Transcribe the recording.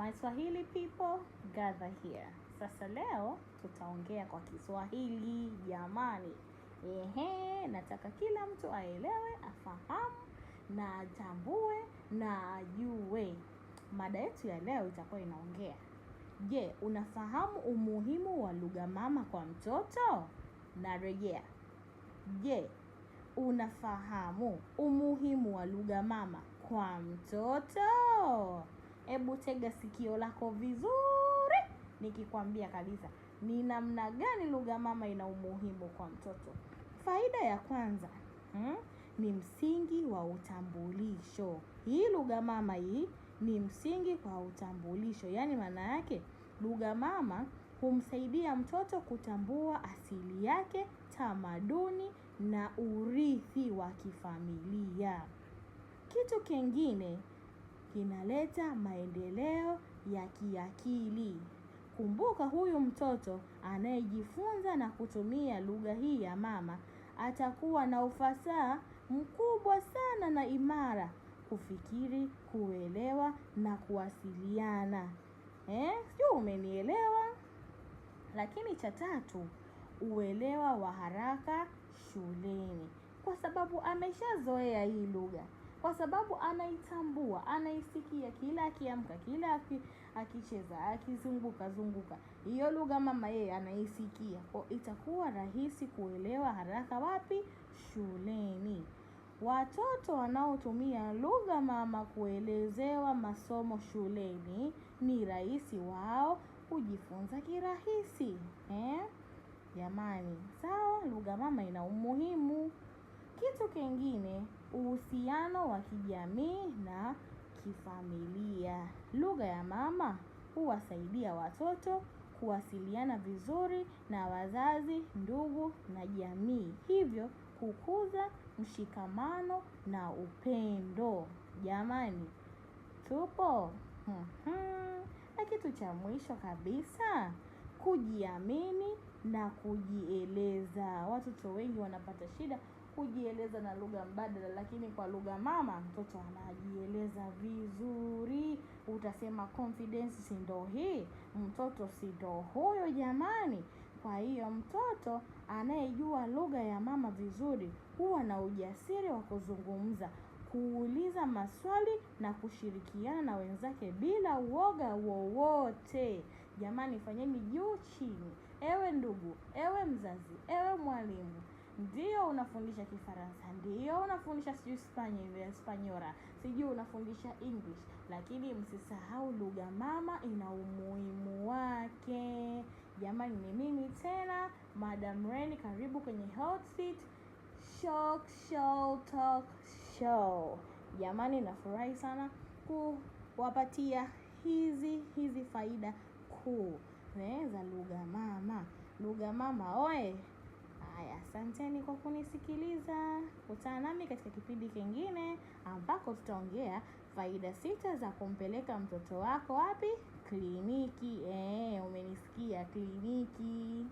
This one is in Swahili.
My Swahili people, gather here. Sasa leo tutaongea kwa Kiswahili jamani. Ehe, nataka kila mtu aelewe, afahamu na atambue na ajue. Mada yetu ya leo itakuwa inaongea. Je, unafahamu umuhimu wa lugha mama kwa mtoto? Narejea. Je, unafahamu umuhimu wa lugha mama kwa mtoto? hebu tega sikio lako vizuri, nikikwambia kabisa ni namna gani lugha mama ina umuhimu kwa mtoto. Faida ya kwanza hmm, ni msingi wa utambulisho. Hii lugha mama hii ni msingi kwa utambulisho, yaani maana yake lugha mama humsaidia mtoto kutambua asili yake, tamaduni na urithi wa kifamilia. Kitu kingine kinaleta maendeleo ya kiakili. Kumbuka huyu mtoto anayejifunza na kutumia lugha hii ya mama atakuwa na ufasaha mkubwa sana na imara kufikiri, kuelewa na kuwasiliana. Eh, umenielewa? Lakini cha tatu, uelewa wa haraka shuleni. Kwa sababu ameshazoea hii lugha kwa sababu anaitambua, anaisikia kila akiamka, kila akicheza, akizunguka zunguka, hiyo lugha mama yeye anaisikia, kwa itakuwa rahisi kuelewa haraka. Wapi? Shuleni. Watoto wanaotumia lugha mama kuelezewa masomo shuleni ni rahisi wao kujifunza kirahisi eh? Jamani, sawa. Lugha mama ina umuhimu. Kitu kingine kijamii na kifamilia. Lugha ya mama huwasaidia watoto kuwasiliana vizuri na wazazi, ndugu na jamii. Hivyo kukuza mshikamano na upendo. Jamani, tupo? Mhm. Na kitu cha mwisho kabisa, kujiamini na kujieleza. Watoto wengi wanapata shida kujieleza na lugha mbadala, lakini kwa lugha mama mtoto anajieleza vizuri. Utasema confidence, si ndo hii? Mtoto si ndo huyo jamani? Kwa hiyo mtoto anayejua lugha ya mama vizuri huwa na ujasiri wa kuzungumza, kuuliza maswali na kushirikiana na wenzake bila uoga wowote. Jamani, fanyeni juu chini, ewe ndugu, ewe mzazi, ewe mwalimu ndio unafundisha Kifaransa, ndio unafundisha sijui Spanyola, sijui unafundisha English, lakini msisahau lugha mama ina umuhimu wake. Jamani, ni mimi tena Madam Reni, karibu kwenye Hot Seat Shock Show Talk Show. Jamani, nafurahi sana kuwapatia hizi hizi faida kuu eh, za lugha mama. Lugha mama oye! Haya, asanteni kwa kunisikiliza. Kutana nami katika kipindi kingine ambako tutaongea faida sita za kumpeleka mtoto wako wapi? Kliniki. Eh, umenisikia, kliniki.